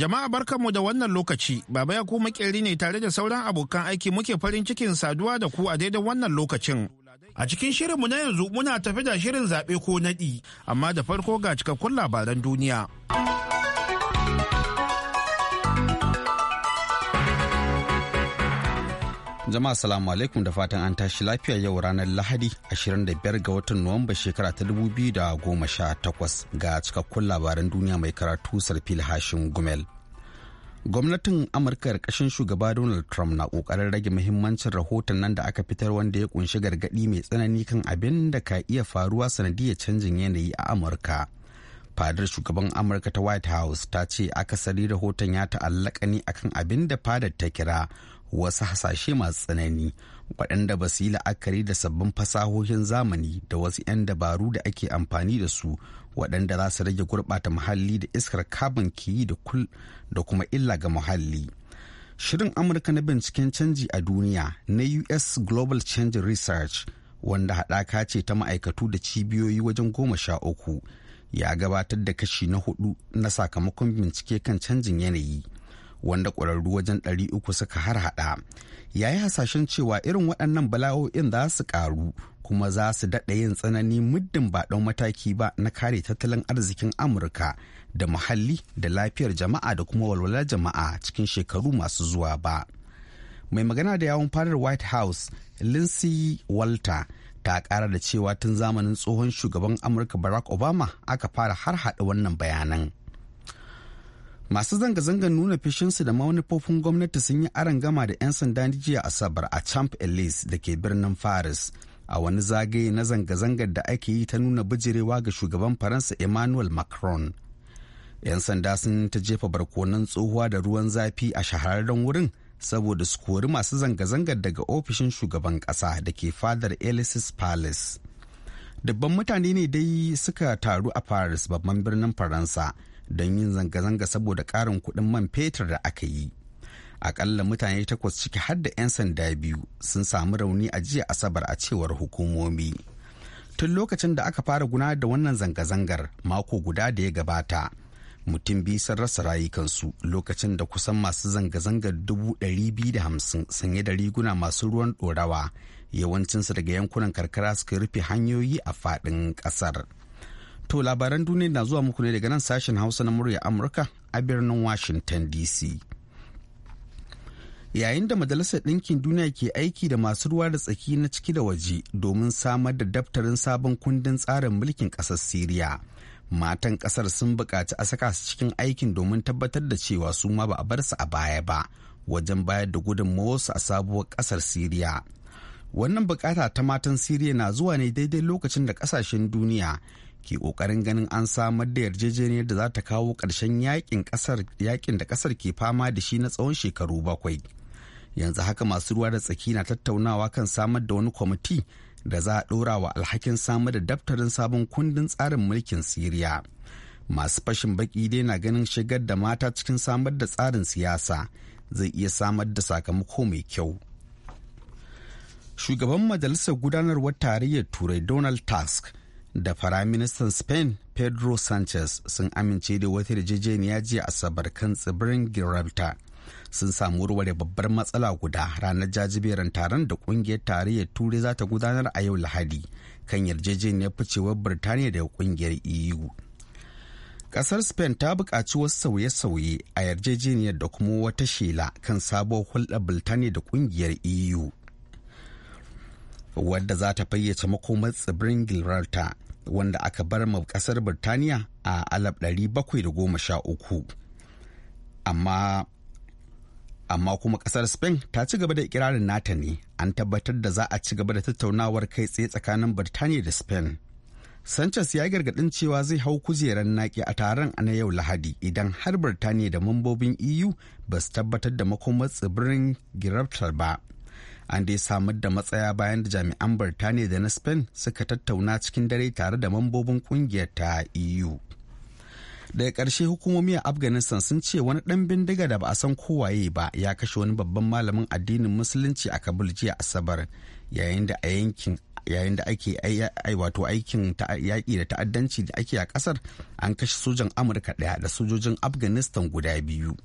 Jama'a barkanmu da wannan lokaci, Baba ya kuma ne tare da sauran abokan aiki muke farin cikin saduwa da ku a daidai wannan lokacin. A cikin shirinmu na yanzu muna tafi da shirin zaɓe ko naɗi, amma da farko ga cikakkun labaran duniya. Jama'a salamu alaikum da fatan an tashi lafiya yau ranar Lahadi 25 ga watan Nuwamba shekara ta 2018 ga cikakkun labaran duniya mai karatu Sarfil Hashim Gumel. gwamnatin amurka kashin shugaba donald trump na ƙoƙarin rage muhimmancin rahoton nan da aka fitar wanda ya kunshi gargaɗi mai tsanani kan abin da ka iya faruwa sanadiyar canjin yanayi a amurka fadar shugaban amurka ta white house ta ce akasari rahoton ya ta'allaka ne akan abin da fadar ta kira wasu hasashe masu tsanani waɗanda ba su yi la'akari da sabbin fasahohin zamani da wasu 'yan dabaru da ake amfani da su waɗanda za su rage gurɓata muhalli da iskar carbon da yi da kuma illa ga muhalli. Shirin Amurka na binciken canji a duniya na US Global Change Research wanda haɗaka ce ta ma'aikatu da cibiyoyi wajen goma sha uku ya gabatar da kashi na hudu na sakamakon bincike kan canjin yanayi wanda ƙwararru wajen ɗari uku suka harhaɗa ya yi hasashen cewa irin waɗannan bala'o'in za su ƙaru kuma za su daɗa yin tsanani muddin ba ɗan mataki ba na kare tattalin arzikin amurka da muhalli da lafiyar jama'a da kuma walwalar jama'a cikin shekaru masu zuwa ba mai magana da yawon fadar white house lindsey walter ta kara da cewa tun zamanin tsohon shugaban amurka barack obama aka fara har haɗa wannan bayanan masu zanga-zangar nuna fishinsu da manufofin gwamnati sun yi aron gama da 'yan sanda jiya asabar a champ elise da ke birnin faris. a wani zagaye na zanga-zangar da ake yi ta nuna bijirewa ga shugaban faransa emmanuel macron 'yan sanda sun ta jefa barkonan tsohuwa da ruwan zafi a shahararren wurin saboda su kori masu zanga-zangar daga ofishin shugaban kasa da ke fadar Elysees Palace. Dabban mutane ne dai suka taru a Paris babban birnin Faransa don yin zanga-zanga saboda ƙarin kuɗin man fetur da aka yi. akalla mutane takwas ciki har da 'yan sanda biyu sun samu rauni a jiya asabar a cewar hukumomi tun lokacin da aka fara gudanar da wannan zanga-zangar mako guda da ya gabata mutum biyu sun rasa rayukansu lokacin da kusan masu zanga-zangar dubu ɗari biyu da hamsin sanye da riguna masu ruwan ɗorawa yawancinsu daga yankunan karkara suka rufe hanyoyi a faɗin ƙasar. To labaran duniya na zuwa muku ne daga nan sashen hausa na murya amurka a birnin washington dc. yayin da majalisar ɗinkin duniya ke aiki da masu ruwa da tsaki na ciki da waje domin samar da daftarin sabon kundin tsarin mulkin ƙasar siriya matan ƙasar sun buƙaci a saka su cikin aikin domin tabbatar da cewa su ma ba a bar su a baya ba wajen bayar da gudunmawar su a sabuwar ƙasar siriya wannan buƙata ta matan siriya na zuwa ne daidai lokacin da ƙasashen duniya ke ƙoƙarin ganin an samar da yarjejeniyar da za ta kawo ƙarshen yaƙin da ƙasar ke fama da shi na tsawon shekaru bakwai yanzu haka masu ruwa da tsaki na tattaunawa kan samar da wani kwamiti da za a ɗora wa alhakin samar da daftarin sabon kundin tsarin mulkin siriya masu fashin baki dai na ganin shigar da mata cikin samar da tsarin siyasa zai iya samar da sakamako mai kyau shugaban majalisar gudanarwar tarayyar turai donald tusk da Faraministan spain pedro sanchez sun amince da wata yarjejeniya jiya asabar kan tsibirin gibraltar sun samu warware babbar matsala guda ranar jajiberin taron da kungiyar tarayyar turai za ta gudanar a yau lahadi kan yarjejeniyar ficewar birtaniya daga kungiyar eu kasar spain ta buƙaci wasu sauye-sauye a yarjejeniyar da kuma wata shela kan sabuwar hulɗar birtaniya da kungiyar eu wadda za ta fayyace makomar tsibirin gibraltar wanda aka bar ma kasar birtaniya a 1713 amma amma kuma kasar spain ta ci gaba da ikirarin nata ne an tabbatar da za a ci gaba da tattaunawar kai tsaye tsakanin birtaniya da spain sanchez ya gargadin cewa zai hau kujerar naki a taron a na yau lahadi idan har birtaniya da mambobin eu ba su tabbatar da makomar tsibirin gibraltar ba an dai samar da matsaya bayan da jami'an birtaniya da na spain suka tattauna cikin dare tare da mambobin kungiyar ta eu daga karshe hukumomi a afghanistan sun ce wani ɗan bindiga da ba a san kowaye ba ya kashe wani babban malamin addinin musulunci a kabul jiya asabar yayin da a yankin yayin da ake wato aikin yaƙi da ta'addanci da ake a ƙasar an kashe sojan amurka ɗaya da sojojin afghanistan guda biyu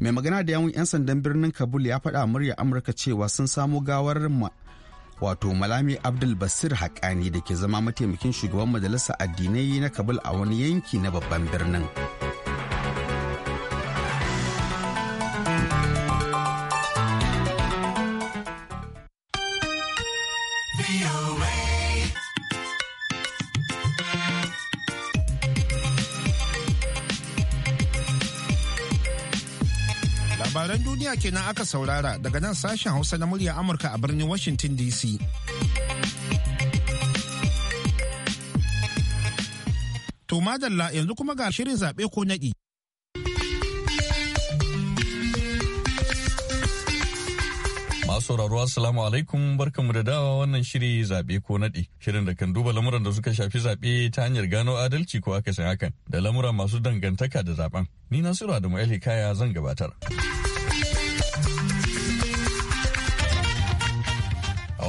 mai magana da yawun 'yan sandan birnin kabul ya faɗa murya amurka cewa sun samo gawar wato malami abdul basir haƙani da ke zama mataimakin shugaban majalisar addinai na kabul a wani yanki na babban birnin duniya kenan aka saurara daga nan sashen Hausa na murya Amurka a birnin Washington DC. To madalla yanzu kuma ga shirin zabe ko naɗi. Masu sauraro Assalamu alaikum barkanmu da dawa wannan shiri zaɓe ko naɗi. Shirin da kan duba lamuran da suka shafi zaɓe ta hanyar gano adalci ko akasin hakan da lamuran masu dangantaka da zaben Ni Nasiru Adamu Ali Kaya zan gabatar.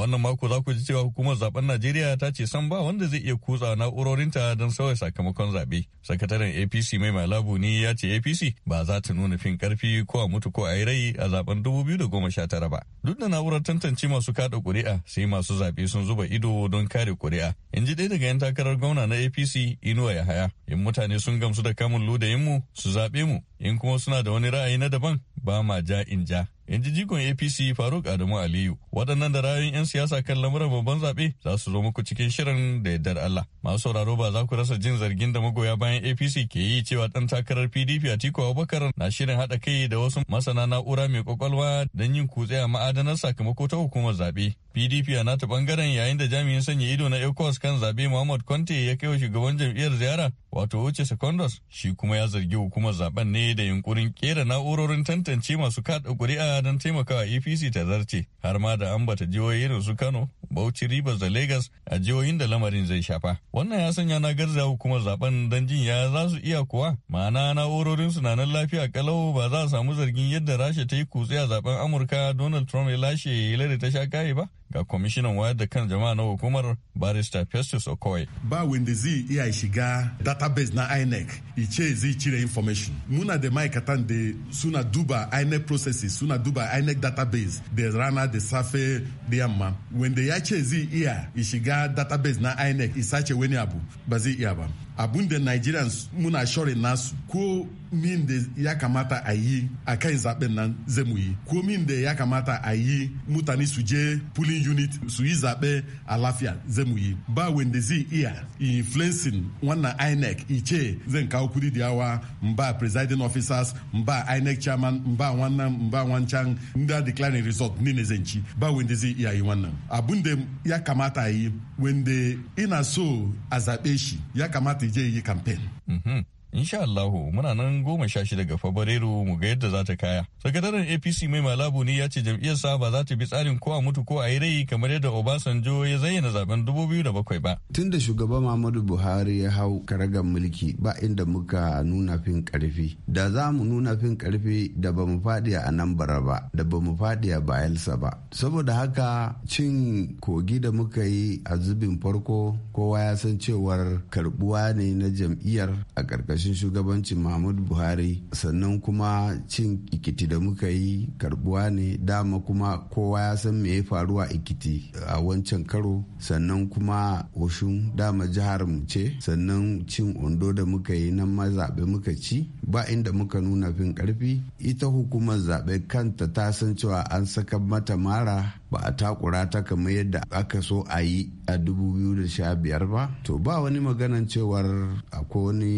wannan mako za ku ji cewa hukumar zaben Najeriya ta ce san ba wanda zai iya kutsa na'urorinta don sauya sakamakon zaɓe. Sakataren APC mai malabu ne ya ce APC ba za ta nuna fin karfi ko a mutu ko a yi rai a zaben 2019 ba. Duk da na'urar tantance masu kaɗa ƙuri'a sai masu zaɓe sun zuba ido don kare ƙuri'a. In ji ɗaya daga 'yan takarar gwamna na APC Inuwa Yahaya. In mutane sun gamsu da kamun ludayinmu su zaɓe mu. In kuma suna da wani ra'ayi na daban ba ma ja in ja. in ji jigon apc faruk adamu aliyu waɗannan da rayun 'yan siyasa kan lamuran babban zaɓe za su zo muku cikin shirin da yardar allah masu sauraro ba za ku rasa jin zargin da magoya bayan apc ke yi cewa ɗan takarar pdp a tiko abubakar na shirin haɗa kai da wasu masana na'ura mai kwakwalwa don yin kutse a ma'adanar sakamako ta hukumar zaɓe pdp a nata ɓangaren yayin da jami'in sanya ido na ecos kan zaɓe muhammad conte ya kai wa shugaban jam'iyyar ziyara wato wuce secondos shi kuma ya zargi hukumar zaben ne da yunkurin kera na'urorin tantance masu kada kuri'a don taimakawa apc ta zarce har ma da ambata jihohi irin su kano bauchi rivers da lagos a jihohin da lamarin zai shafa wannan ya sanya na garza hukumar zaben don jin ya za su iya kuwa ma'ana na'urorin su na nan lafiya kalau ba za a samu zargin yadda rasha ta yi kutse a zaben amurka donald trump ya lashe ya ta sha kaye ba ga kwamishinan wayar da kan jama'a na hukumar barista festus okoye ba wanda zai iya shiga database na inec ice zai cire information muna da ma'aikatan da suna duba inec processes suna duba inec database da rana da safe da yamma wanda ya ce zai iya shiga database na inec isace wani abu ba zai iya ba abun da nigerians muna shorin nasu ko min da ya kamata a yi a kan zaben nan zai mu yi ko min da ya kamata a yi mutane su je pulling unit su yi zaɓe a lafiya zai mu yi ba wanda zai iya influencing wannan inec ice zan kawo kudi da yawa in ba presiding officers in ba inec chairman in ba wannan in ba wancan in da declaring result ni ne zan ci ba wanda zai iya yi wannan abun da ya kamata a yi wanda ina so a zaɓe shi ya kamata the JEA campaign. Mm-hmm. insha Allahu muna nan goma sha shida ga Fabrairu mu ga yadda za ta kaya. Sakataren APC mai malabu ne ya ce jam'iyyarsa ba za ta bi tsarin ko a mutu ko a yi rai kamar yadda Obasanjo ya zayyana zaben 2007 ba. Tun da shugaba Muhammadu Buhari ya hau karagar mulki ba inda muka nuna fin karfi. Da za mu nuna fin karfi da ba mu faɗi a nan bara ba, da ba mu faɗi a Bayelsa ba. Saboda haka cin kogi da muka yi a zubin farko kowa ya san cewar karbuwa ne na jam'iyyar a ƙarƙashin karkashin shugabancin mahmud buhari sannan kuma cin ikiti da muka yi karbuwa ne dama kuma kowa ya san me ya faru a ikiti a wancan karo sannan kuma washin dama jihar mu ce sannan cin ondo da muka yi nan ma zaɓe muka ci ba inda muka nuna fin karfi ita hukumar zaɓe kanta ta san cewa an saka mata mara ba a takura ta kamar yadda aka so a yi a 2015 ba to ba wani maganan cewar akwai wani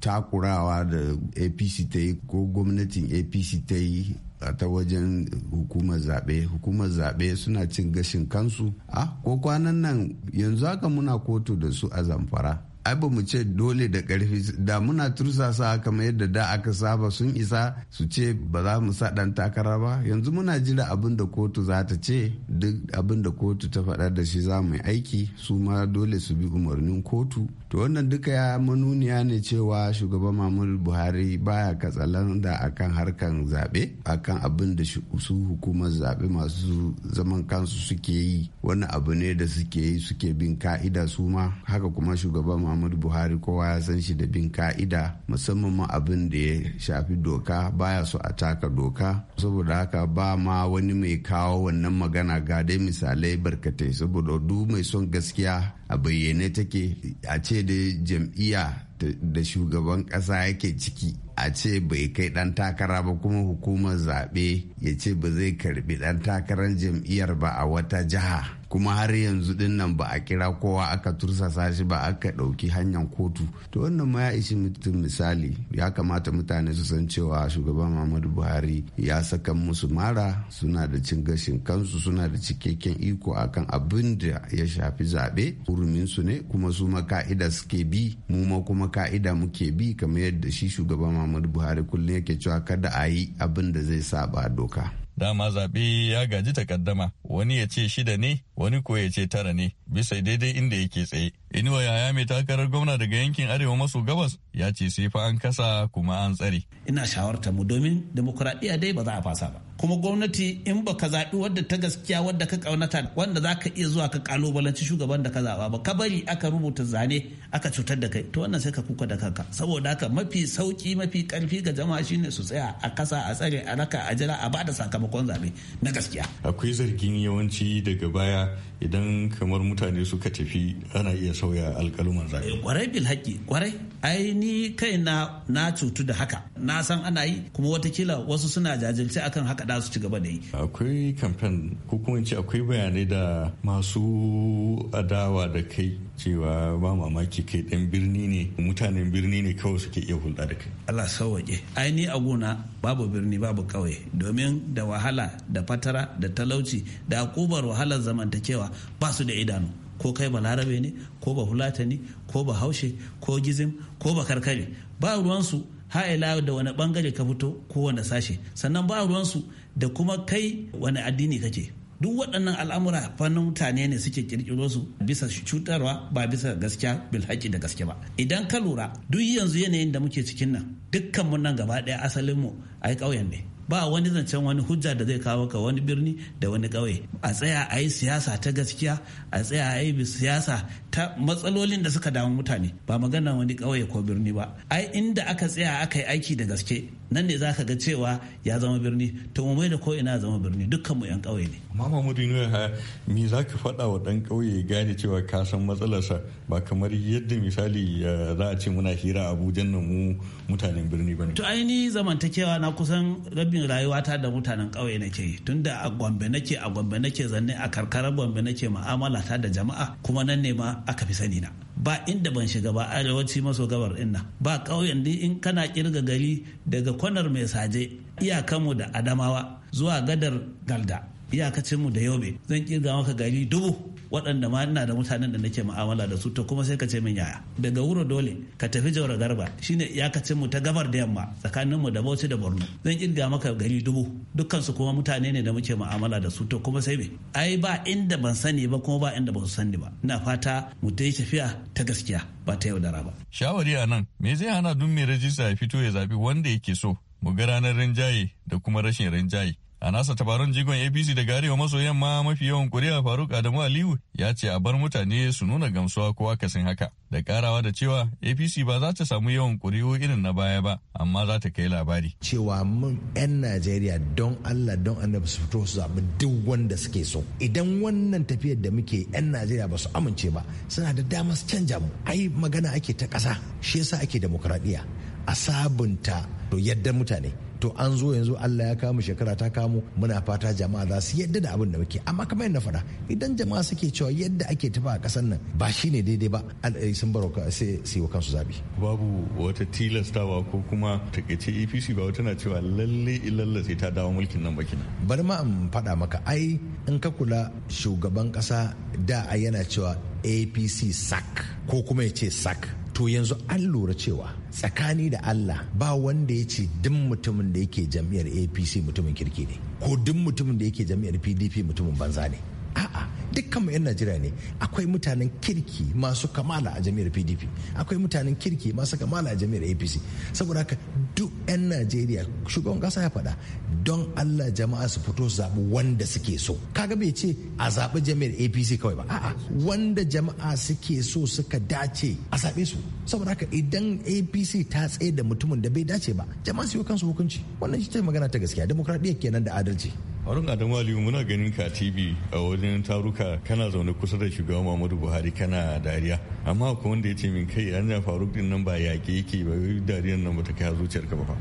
takurawa da apc ta yi ko gwamnatin apc ta yi ta wajen hukumar zaɓe hukumar zaɓe suna cin gashin kansu a ah, ko kwanan nan yanzu haka muna kotu da su a zamfara ai ba mu ce dole da ƙarfi da muna tursa sa kamar yadda da aka saba sun isa su ce ba za mu sa ɗan takara ba yanzu muna jira abin da kotu za ta ce duk abin da kotu ta faɗa da shi za mu yi aiki su ma dole su bi umarnin kotu to wannan duka ya manuniya ne cewa shugaban mamul buhari baya katsalan da akan harkan zaɓe akan abin da su hukumar zaɓe masu zaman kansu suke yi wani abu ne da suke yi suke bin ka'ida su ma haka kuma shugaban muhammadu buhari kowa ya san shi da bin ka'ida musamman ma abin da ya shafi doka baya so a taka doka saboda haka ba ma wani mai kawo wannan magana ga dai misalai barkatai saboda duk mai son gaskiya a bayyane take a ce da jam'iyya da shugaban ƙasa yake ciki a ce bai kai dan takara ba kuma hukumar zaɓe ya ce ba zai karbi dan takarar jam'iyyar ba a wata jiha kuma har yanzu din nan ba a kira kowa aka tursasa shi ba aka ɗauki hanyar kotu to wannan ma ya ishi mutum misali ya kamata mutane su san cewa shugaban muhammadu buhari ya saka musu mara suna da cin gashin kansu suna da cikakken iko akan abin da ya shafi zaɓe hurumin su ne kuma su ma ka'ida suke bi mu ma kuma ka'ida muke bi kamar yadda shi shugaban muhammadu buhari kullum yake cewa kada a yi abin da zai saba doka dama zaɓe ya gaji takaddama wani ya ce shida ne wani ko ya ce tara ne bisa daidai inda yake tsaye inuwa yaya mai takarar gwamna daga yankin arewa maso gabas ya ce sai fa an kasa kuma an tsare ina shawarta mu domin demokuraɗiyya dai ba za a fasa ba kuma gwamnati in ba ka zaɓi wadda ta gaskiya wadda ka ƙaunata wanda za ka iya zuwa ka ƙalubalanci shugaban da ka zaɓa ba ka bari aka rubuta zane aka cutar da kai to wannan sai ka kuka da kanka saboda haka mafi sauki mafi ƙarfi ga jama'a shine su tsaya a kasa a tsare a raka a jira a bada sakamakon zaɓe na gaskiya akwai zargin yawanci daga baya idan kamar mutane suka tafi ana iya sauya alkaluman zaɓe. Kwarai eh, bil haƙi, kwarai. ai ni kai na na cutu da haka na san ana yi kuma watakila wasu suna jajirce akan haka da su ci gaba da yi akwai kamfen ko akwai bayanai da masu adawa da kai cewa ba mamaki kai dan birni ne mutanen birni ne kawai suke iya hulɗa da kai Allah sauwaƙe ai ni a gona babu birni babu ƙauye domin da wahala da fatara da talauci da akubar wahalar zamantakewa ba su da idanu ko kai balarabe ne ko ba ne ko ba haushe ko gizim ko ba karkare ba ruwansu ila da wani bangare ka fito ko wani sashe sannan ba ruwansu da kuma kai wani addini kake duk waɗannan al'amura fannin mutane ne suke kirkiro su bisa cutarwa ba bisa gaskiya bilhaki da gaske ba idan ka lura duk yanzu yanayin da muke cikin nan dukkan mu nan gaba ɗaya asalin mu ai ƙauyen ne ba wani zancen wani hujja da zai kawo ka wani birni da wani ƙauye a tsaya a yi siyasa ta gaskiya a tsaya a yi siyasa ta matsalolin da suka damu mutane ba magana wani ƙauye ko birni ba ai inda aka tsaya aka yi aiki da gaske nan ne zaka ga cewa ya zama birni to mu mai da ko ina zama birni dukkan mu yan ƙauye ne amma Mahmud ha me zaka faɗa wa dan ƙauye gane cewa ka san matsalarsa ba kamar yadda misali za a ce muna hira Abuja nan mu mutanen birni bane to ai ainihin zamantakewa na kusan rabin rayuwata da mutanen ƙauye nake yi tunda a Gombe nake a Gombe nake zanne a karkarar Gombe nake mu'amala ta da jama'a kuma nan ne ma aka fi sani na ba inda ban shiga ba arewaci maso gabar inna ba ƙauyen ni in kana kirga gari daga kwanar mai saje iyakanmu da adamawa zuwa gadar galda iyakacinmu da yobe zan kirga maka gari dubu waɗanda ma ina da mutanen da nake mu'amala da su to kuma sai ka ce min yaya daga wuro dole ka tafi jaura garba shine iyakacin mu ta gabar da yamma tsakanin mu da Bauchi da Borno zan kirga maka gari dubu dukkan su kuma mutane ne da muke mu'amala da su to kuma sai me ai ba inda ban sani ba kuma ba inda ban sani ba ina fata mu ta tafiya ta gaskiya ba ta yau da raba. shawari a nan me zai hana dun mai rajista ya fito ya zabi wanda yake so mu ga ranar rinjaye da kuma rashin rinjaye A nasa tabaron jigon APC daga arewa maso yamma mafi yawan kuri'a Faruk Adamu Aliyu ya ce a bar mutane su nuna gamsuwa ko akasin haka. Da karawa da cewa APC ba za ta samu yawan kuri'u irin na baya ba amma za ta kai labari. Cewa mun 'yan Najeriya don Allah don annabi su fito su zaɓi duk wanda suke so. Idan wannan tafiyar da muke 'yan Najeriya ba su amince ba suna da damar su canja mu. Ai magana ake ta ƙasa shi yasa ake demokradiyya a sabunta yadda mutane. to an zo yanzu Allah ya kamu shekara ta kamo muna fata jama'a za su yadda da abin da muke amma kamar yadda faɗa idan jama'a suke cewa yadda ake tafa a kasar nan ba shi ne daidai ba sun baro sai su wa kansu zabi babu wata tilastawa ko kuma takaice APC e ba wata na cewa lalle ilalla sai ta dawo mulkin nan baki bari ma in faɗa maka ai in ka kula shugaban ƙasa da yana cewa APC sac ko kuma ya ce sac to yanzu an lura cewa tsakani da Allah ba wanda ya ce duk mutumin da yake jam'iyyar APC mutumin kirki ne ko duk mutumin da yake jam'iyyar PDP mutumin banza ne a'a dukkan mu 'yan najeriya ne akwai mutanen kirki masu kamala a jami'ar pdp akwai mutanen kirki masu kamala a jami'ar apc saboda haka duk 'yan najeriya shugaban kasa ya faɗa don allah jama'a su fito zabi zaɓi wanda suke so kaga bai ce a zaɓi jami'ar apc kawai ba a'a wanda jama'a suke so suka dace a zaɓe su saboda haka idan apc ta tsaye da mutumin da bai dace ba jama'a su yi kansu hukunci wannan shi ta magana ta gaskiya demokradiyya kenan da adalci harun adamu aliyu muna ganin ka tv a wajen taruka kana zaune kusa da shugaban muhammadu buhari kana dariya amma kuma wanda ya ce min kai an faruk din nan ba yaƙe yake ba dariyar nan ba ta kai amerika ba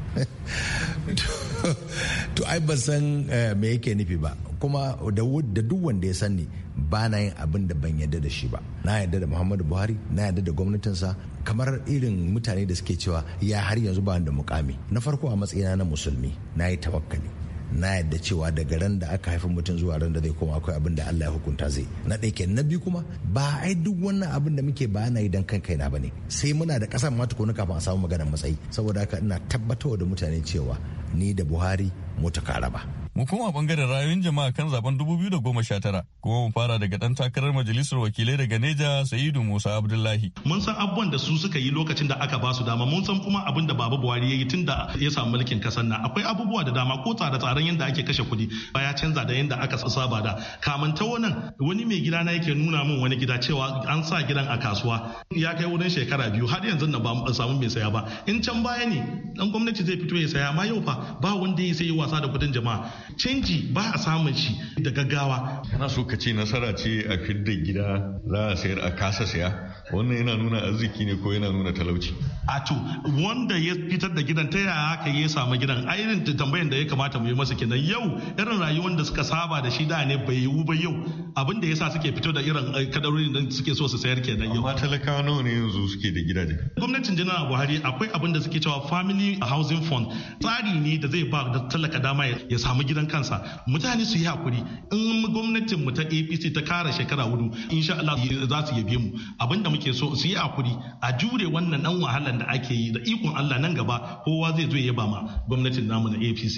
to ai ban san eh, me yake nufi ba kuma da duk wanda ya sani ba na yin abin da ban yadda da shi ba na yadda da muhammadu buhari na yadda da gwamnatinsa kamar irin mutane da suke cewa ya har yanzu ba da mukami na farko a matsayina na musulmi na yi tawakkali na yadda cewa daga ran da aka haifi mutum zuwa ran da zai koma akwai abin da Allah ya hukunta zai na ɗaya kenan na biyu kuma ba ai duk wannan abin da muke ba kai idan kan ba ne sai muna da ƙasa ma tukuna kafin a samu maganar matsayi saboda haka ina tabbatar da mutane cewa ni da Buhari mu ta karaba Mu koma bangaren rayuwar jama'a kan zaben tara kuma mu fara daga dan takarar majalisar wakilai daga Neja Sa'idu Musa Abdullahi. Mun san abubuwan da su suka yi lokacin da aka ba su dama mun san kuma abin da Baba Buhari ya yi tun da ya samu mulkin kasar nan akwai abubuwa da dama ko tsare tsaren yadda ake kashe kuɗi baya canza da yadda aka saba da kamun ta wannan wani mai gida na yake nuna min wani gida cewa an sa gidan a kasuwa ya kai wurin shekara biyu har yanzu na ba samu mai saya ba in can baya ne dan gwamnati zai fito ya saya ma yau fa ba wanda ya sai wasa da kuɗin jama'a canji ba a samun shi da gaggawa kana so ka ce nasara ce a fidda gida za a sayar a kasa saya wannan yana nuna arziki ne ko yana nuna talauci a to wanda ya fitar da gidan ta yaya aka ya samu gidan ainihin tambayan da ya kamata mu yi masa kenan yau irin rayuwar da suka saba da shi da ne bai yiwu ba yau abin da yasa suke fito da irin eh, kadarorin da suke so su sayar kenan yau amma talakawa nawa ne yanzu suke da gidaje gwamnatin abu buhari akwai abin da suke cewa family housing fund tsari ne da zai ba da talaka dama ya samu gidan kansa mutane su yi hakuri in gwamnatin mu ta apc ta kara shekara hudu insha Allah za su yabe mu da muke so su yi hakuri a jure wannan dan wahalar da ake yi da ikon Allah nan gaba kowa zai zo ya ba ma gwamnatin namu na APC.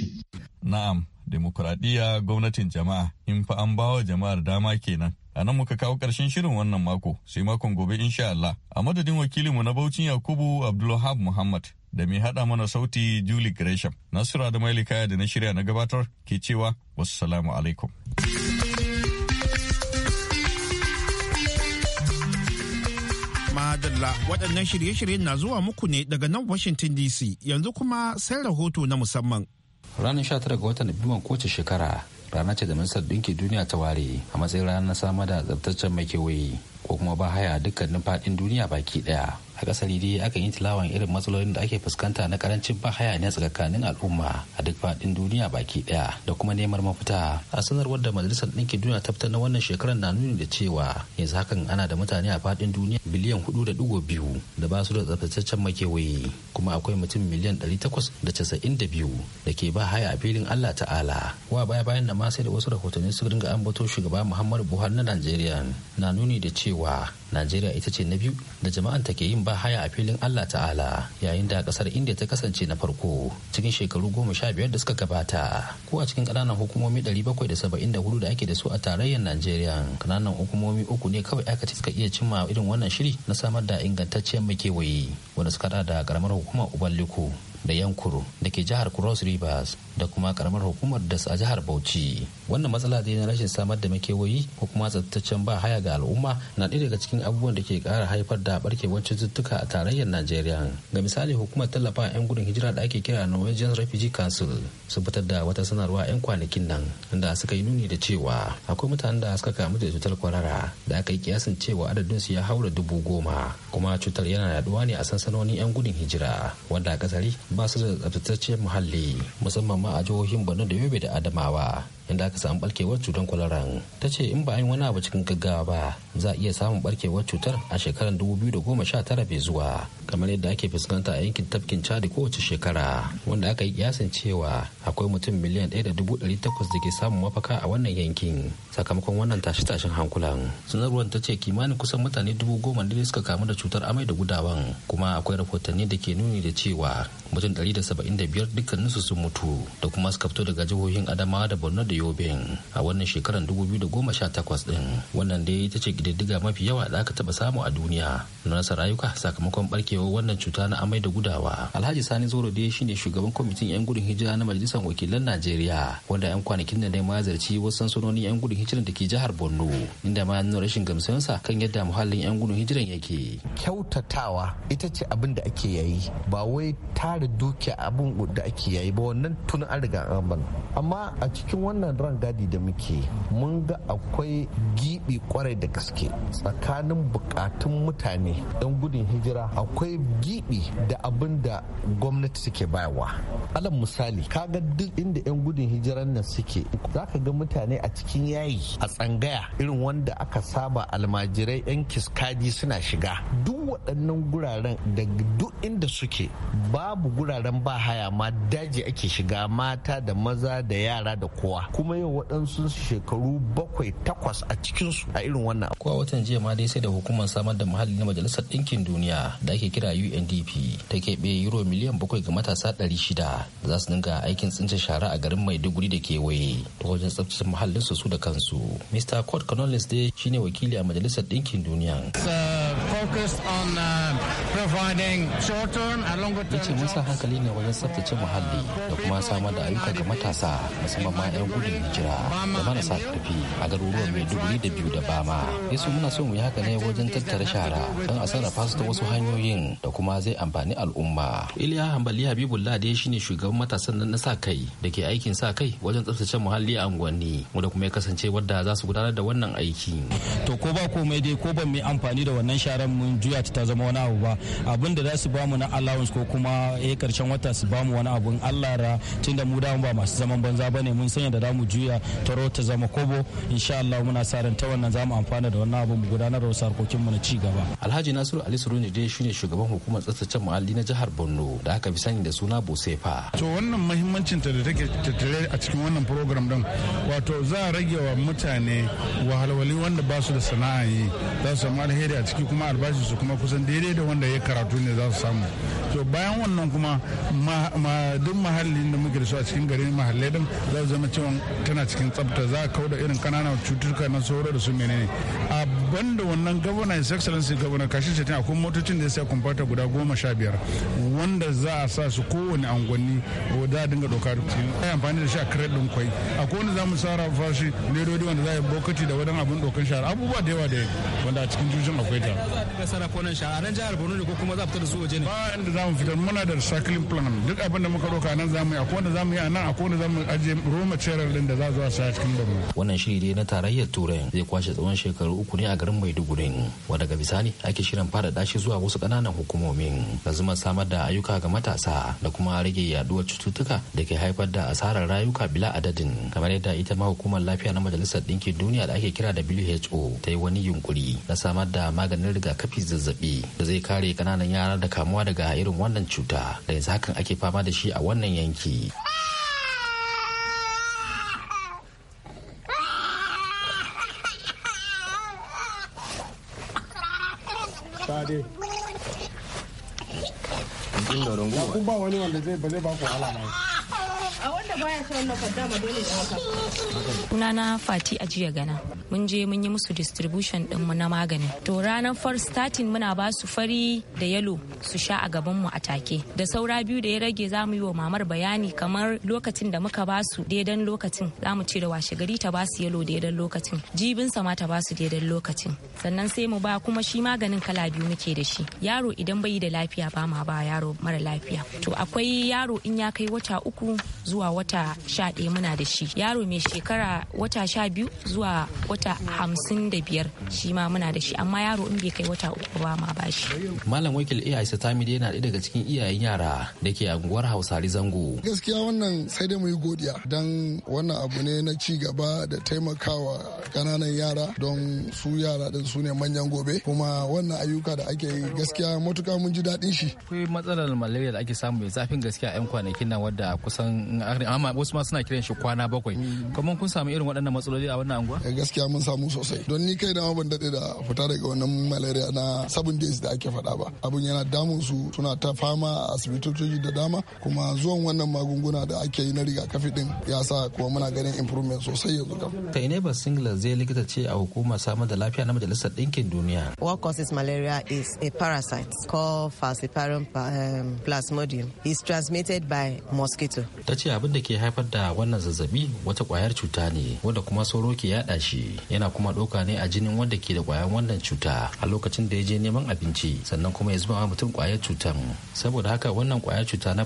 Na'am, demokuraɗiyya gwamnatin jama'a in fa an bawa jama'ar dama kenan. A nan muka kawo ƙarshen shirin wannan mako sai makon gobe insha Allah. A madadin wakilinmu na Bauchin Yakubu Abdulwahab Muhammad da mai haɗa mana sauti Julie Gresham. Nasura da Mailika da na shirya na gabatar ke cewa wassalamu alaikum. Madalla waɗannan shirye-shiryen na zuwa muku ne daga nan Washington DC yanzu kuma sai rahoto na musamman. Ranar 19 ga watan Nuwamban kowace shekara rana ce da Ministar Dinki Duniya ta ware a matsayin ranar samar da tsabtaccen mai kewaye ko kuma bahaya haya dukkanin faɗin duniya baki ɗaya. a yi dai akan yi tilawan irin matsalolin da ake fuskanta na karancin bahaya ne tsakanin al'umma a duk faɗin duniya baki ɗaya da kuma neman mafita a sanarwar da majalisar ɗinkin duniya ta fitar na wannan shekarar na nuni da cewa yanzu hakan ana da mutane a faɗin duniya biliyan hudu da dugo biyu da ba su da tsaftataccen makewayi kuma akwai mutum miliyan ɗari takwas da casa'in da biyu da ke ba haya a filin Allah ta'ala wa baya bayan da ma sai da wasu rahotanni su dinga ambato shugaba Muhammadu Buhari na Najeriya na nuni da cewa Najeriya ita ce na biyu da jama'an ta ke yin ba haya a filin Allah ta'ala yayin da kasar India ta kasance na farko cikin shekaru goma sha biyar da suka gabata ko a cikin ƙananan hukumomi ɗari bakwai da saba'in da hudu da ake da su a tarayyar Najeriya ƙananan hukumomi uku ne kawai aka suka iya cimma irin wannan shiri na samar da ingantacciyar makewayi wanda suka da ƙaramar hukumar uballiku da yankuru da ke jihar cross rivers da kuma karamar hukumar da a jihar bauchi wannan matsala dai na rashin samar da makewayi ko kuma tsattaccen ba haya ga al'umma na ɗaya daga cikin abubuwan da ke ƙara haifar da barkewar cututtuka a tarayyar najeriya ga misali hukumar tallafa 'yan gudun hijira da ake kira norwegian refugee council sun fitar da wata sanarwa 'yan kwanakin nan da suka yi nuni da cewa akwai mutanen da suka kamu da cutar kwarara da aka yi kiyasin cewa adadin su ya haura dubu goma kuma cutar yana yaduwa ne a sansanonin 'yan gudun hijira wanda kasari ba su da tsaftacciyar muhalli musamman ma a jihohin Borno da Yobe da Adamawa inda aka samu barkewar cutar kwalara ta ce in ba a yi wani abu cikin gaggawa ba za a iya samun barkewar cutar a shekarar dubu biyu da goma 2019 bai zuwa kamar yadda ake fuskanta a yankin tafkin chadi kowace shekara wanda aka yi kiyasin cewa akwai mutum miliyan 1.800 da ke samun mafaka a wannan yankin sakamakon wannan tashe-tashen hankulan sanarwar ta ce kimanin kusan mutane dubu goma ne suka kamu da cutar amai da gudawan kuma akwai rahotanni da ke nuni da cewa mutum da da saba'in 175 dukkaninsu sun mutu da kuma suka fito daga jihohin adamawa da borno da yobin a wannan shekarar 2018 din wannan dai ita ce gididdiga mafi yawa da aka taba samu a duniya na nasa rayuka sakamakon barkewar wannan cuta na amai da gudawa alhaji sani zoro dai shine shugaban kwamitin yan gudun hijira na majalisar wakilan najeriya wanda yan kwanakin da ne ma zarci wasu sansanonin yan gudun hijira da ke jihar borno inda ma nuna rashin gamsansa kan yadda muhallin yan gudun hijiran yake kyautatawa ita ce abin da ake yayi ba wai tara dukiya abin da ake yayi ba wannan tun an riga an amma a cikin wannan wannan rangadi da muke mun ga akwai gibi kwarai da gaske tsakanin bukatun mutane 'yan gudun hijira akwai gibi da abin da gwamnati suke bayarwa alal misali kaga duk inda 'yan gudun hijiran nan suke za ka ga mutane a cikin yayi a tsangaya irin wanda aka saba almajirai 'yan kiskadi suna shiga duk waɗannan guraren da duk inda suke babu guraren ba haya ma daji ake shiga mata da maza da yara da kowa kuma yau waɗansu shekaru bakwai takwas a cikinsu a irin wannan. Kuwa watan jiya ma dai sai da hukumar samar da muhalli na Majalisar Ɗinkin Duniya da ake kira UNDP ta keɓe euro miliyan bakwai ga matasa ɗari shida za su dinga aikin tsince shara a garin Maiduguri da kewaye ta wajen tsaftace muhallinsu su da kansu. Mr. Kurt Connollis dai shine wakili a Majalisar Ɗinkin Duniya. Uh, Yace mun sa hankali ne wajen tsaftace muhalli da kuma samar da ayyuka ga matasa musamman ma 'yan gudu gudun hijira da marasa karfi a garuruwan maiduguri da biyu da bama ya eh, muna so mu yi haka ne wajen tattara shara don a sarrafa su ta wasu hanyoyin da kuma zai amfani al'umma iliya hambali habibullah dai shine shugaban matasan nan na sa kai da ke aikin sa kai wajen tsaftace muhalli a unguwanni wanda kuma ya kasance wadda za su gudanar da wannan aiki to ko ba komai dai ko ban mai amfani da wannan sharan mun juya ta zama wani abu ba abin da za su bamu na allowance ko kuma eh karshen wata su bamu wani abun allah ra tunda mu da ba masu zaman banza bane mun sanya da mu juya ta ta zama kobo insha Allah muna sa ran ta wannan zamu amfana da wannan abun gudanar da wasu harkokin mu na ci gaba Alhaji Nasiru Ali Suruni dai shine shugaban hukumar tsaftace muhalli na jihar Borno da aka fi sani da suna Bosefa to wannan muhimmancin ta da take tattare a cikin wannan program din wato za a rage wa mutane wahalwali wanda ba su da sana'a yi za su samu alheri a ciki kuma albashi su kuma kusan daidai da wanda ya karatu ne za su samu to bayan wannan kuma duk mahallin da muke da su a cikin garin mahallai din za su zama cewa tana cikin tsafta za a kauda irin kananan cututtuka na sauro da su menene a banda wannan governor his excellency governor kashin shatin akwai motocin da ya sai kwamfata guda goma sha biyar wanda za a sa su kowane angwanni za a dinga doka ai amfani da shi a kiret din kwai akwai wanda za mu sara fashi ledodi wanda za a yi bokati da wadan abin dokan shahara abubuwa da yawa da wanda a cikin jujin akwai ta sarakunan shahara jihar borno ne ko kuma za a fita da su waje ne ba inda za mu fitar muna da recycling plan duk abin da muka doka nan za mu yi akwai wanda za mu yi a nan akwai wanda za mu ajiye roma material din da za a zo a sa cikin borno wannan shiri dai na tarayyar turai zai kwashe tsawon shekaru uku ne a garin maiduguri wadda daga bisani ake shirin fara shi zuwa wasu ƙananan hukumomin da zuma samar da ayyuka ga matasa da kuma rage yaduwar cututtuka da ke haifar da asarar rayuka bila adadin kamar yadda ita ma hukumar lafiya na majalisar ɗinkin duniya da ake kira WHO ta yi wani yunkuri na samar da maganin rigakafi zazzabi da zai kare ƙananan yara da kamuwa daga irin wannan cuta da yanzu hakan ake fama da shi a wannan yanki. dai ya ba wani wanda zai ba zai ba ku wanda na sunana fati a jiya gana mun je mun yi musu distribution din na magani to ranar first starting muna ba su fari da yalo su sha a gaban mu a take da saura biyu da ya rage za mu yi wa mamar bayani kamar lokacin da muka ba su daidan lokacin za mu ce da washe gari ta ba su yalo daidan lokacin jibin sama ta ba su daidan lokacin sannan sai mu ba kuma shi maganin kala biyu muke da shi yaro idan bai da lafiya ba ma ba yaro mara lafiya to akwai yaro in ya kai wata uku zuwa wata wata sha ɗaya muna da shi yaro mai shekara wata sha biyu zuwa wata hamsin da biyar shi ma muna da shi amma yaro in bai kai wata uku ba ma ba shi. malam wakil iya isa miliyan yana ɗaya daga cikin iyayen yara da ke anguwar hausari zango. gaskiya wannan sai dai mu yi godiya don wannan abu ne na ci gaba da taimakawa ƙananan yara don su yara din su ne manyan gobe kuma wannan ayyuka da ake yi gaskiya matuka mun ji daɗin shi. akwai matsalar malaria da ake samu mai zafin gaskiya 'yan kwanakin nan wadda kusan an Ama wasu ma suna kiran shi kwana bakwai mm. kamar kun samu irin waɗannan matsaloli a wannan anguwa eh, gaskiya mun samu sosai don ni kai na ban daɗe da fita daga wannan malaria na seven days da ake faɗa ba abun yana damun su suna ta fama a asibitoci da dama kuma zuwan wannan magunguna da ake yi na rigakafi din ya sa kuma muna ganin improvement sosai yanzu kam ta ba singlet zai likita ce a hukumar samar da lafiya na majalisar ɗinkin duniya what causes malaria is a parasite called falciparum um, plasmodium is transmitted by mosquito ta ce abin da ke haifar da wannan zazzabi wata kwayar cuta ne wanda kuma sauro ke yada shi yana kuma doka ne a jinin wanda ke da wannan cuta a lokacin da ya je neman abinci sannan kuma ya zuba mutum kwayar cutar saboda haka wannan kwayar cuta na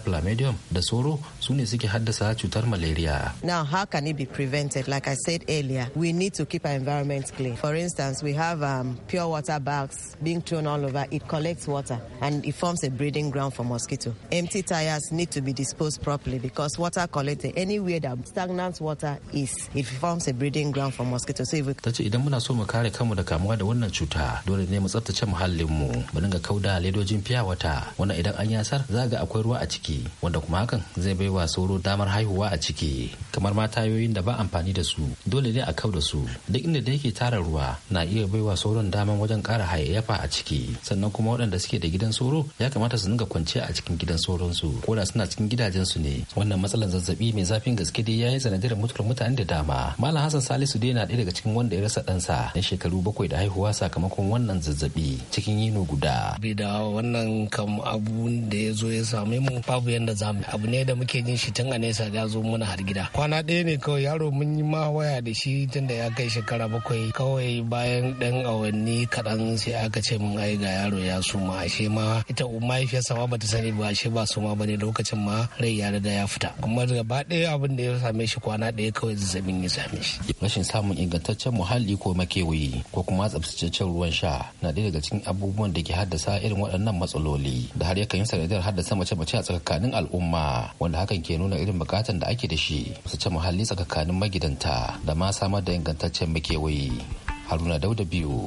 da sauro su ne suke haddasa cutar malaria now how can it be prevented like i said earlier we need to keep our environment clean for instance we have um, pure water bags being thrown all over it collects water and it forms a breeding ground for mosquito empty tires need to be disposed properly because water collects circulating anywhere that stagnant water is it forms a breeding ground for mosquitoes. Ta ce idan muna so mu kare kanmu da kamuwa da wannan cuta dole ne mu tsaftace muhallin mu dinga kauda ledojin fiya wata wannan idan an yasar za ga akwai ruwa a ciki wanda kuma hakan zai bai wa sauro damar haihuwa a ciki kamar ma tayoyin da ba amfani da su dole ne a kau da su duk inda da yake tara ruwa na iya bai wa sauron daman wajen kara hayayyafa a ciki sannan kuma waɗanda suke da gidan sauro ya kamata su dinga kwanciya a cikin gidan sauransu ko da suna cikin gidajensu ne wannan matsalar zazzabi zazzabi mai zafin gaske dai ya yi sanadiyar mutuwar mutane da dama malam hassan salisu dai na ɗaya daga cikin wanda ya rasa ɗansa na shekaru bakwai da haihuwa sakamakon wannan zazzabi cikin yino guda bai da wannan kam abu da ya zo ya same mu babu yanda za mu abu ne da muke jin shi tun a nesa ya zo muna har gida kwana ɗaya ne kawai yaro mun yi ma waya da shi tun da ya kai shekara bakwai kawai bayan ɗan awanni kaɗan sai aka ce mun ai ga yaro ya suma ashe ma ita mahaifiyarsa ma bata sani ba ashe ba suma bane lokacin ma rai ya da ya fita kuma gaba ɗaya abin da ya same shi kwana ɗaya kawai zazzabin ya same shi rashin samun ingantaccen muhalli ko makewayi ko kuma tsabtataccen ruwan sha na ɗaya daga cikin abubuwan da ke haddasa irin waɗannan matsaloli da har yakan yi sanadiyar haddasa mace-mace a tsakanin al'umma wanda hakan ke nuna irin bukatan da ake da shi tsabtace muhalli tsakanin magidanta da ma samar da ingantaccen makewayi haruna dauda biyu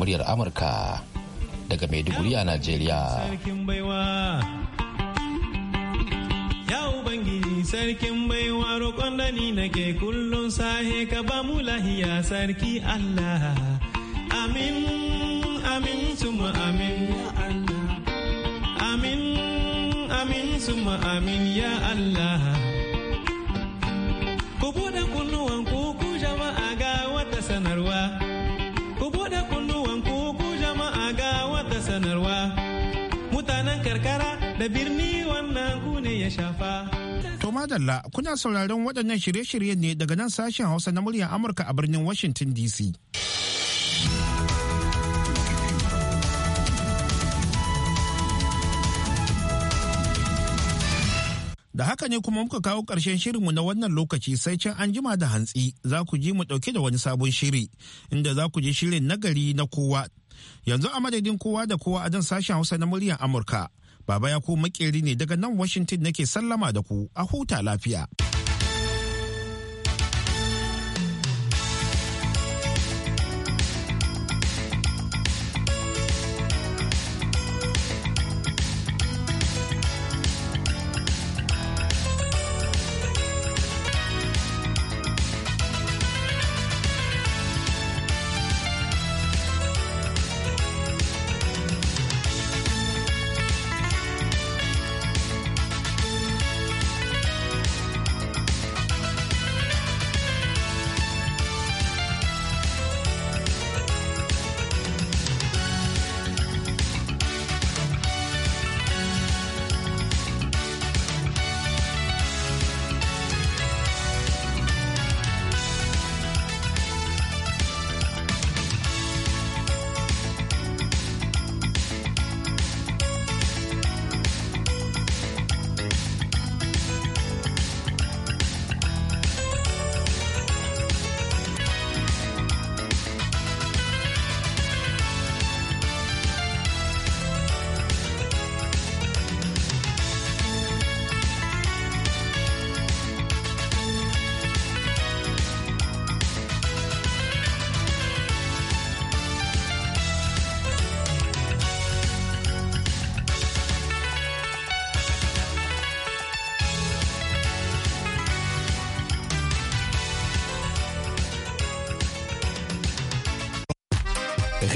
muryar amurka daga maiduguri a najeriya sarkin baiwa roƙon da ni nake kullum sahe ka ba mu lahiya sarki Allah. Amin, amin, suma amin ya Allah. Amin, amin, suma amin ya Allah. Ku buɗe kunnuwan ku ku jama'a ga wata sanarwa. Ku buɗe kunnuwan ku ku jama'a ga wata sanarwa. Mutanen karkara da birni wannan ku ne ya shafa. madalla kuna sauraron waɗannan shirye shirye ne daga nan sashen Hausa na muryar Amurka a birnin Washington DC. Da haka ne kuma muka kawo ƙarshen shirinmu na wannan lokaci sai can an jima da hantsi za ku ji mu ɗauke da wani sabon shiri inda za ku ji shirin nagari na kowa. Yanzu a madadin kowa da kowa a dan sashen Hausa na muryar Amurka. Baba ya ko makeri ne daga nan Washington nake sallama da ku a huta lafiya.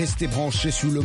Restez branchés sous le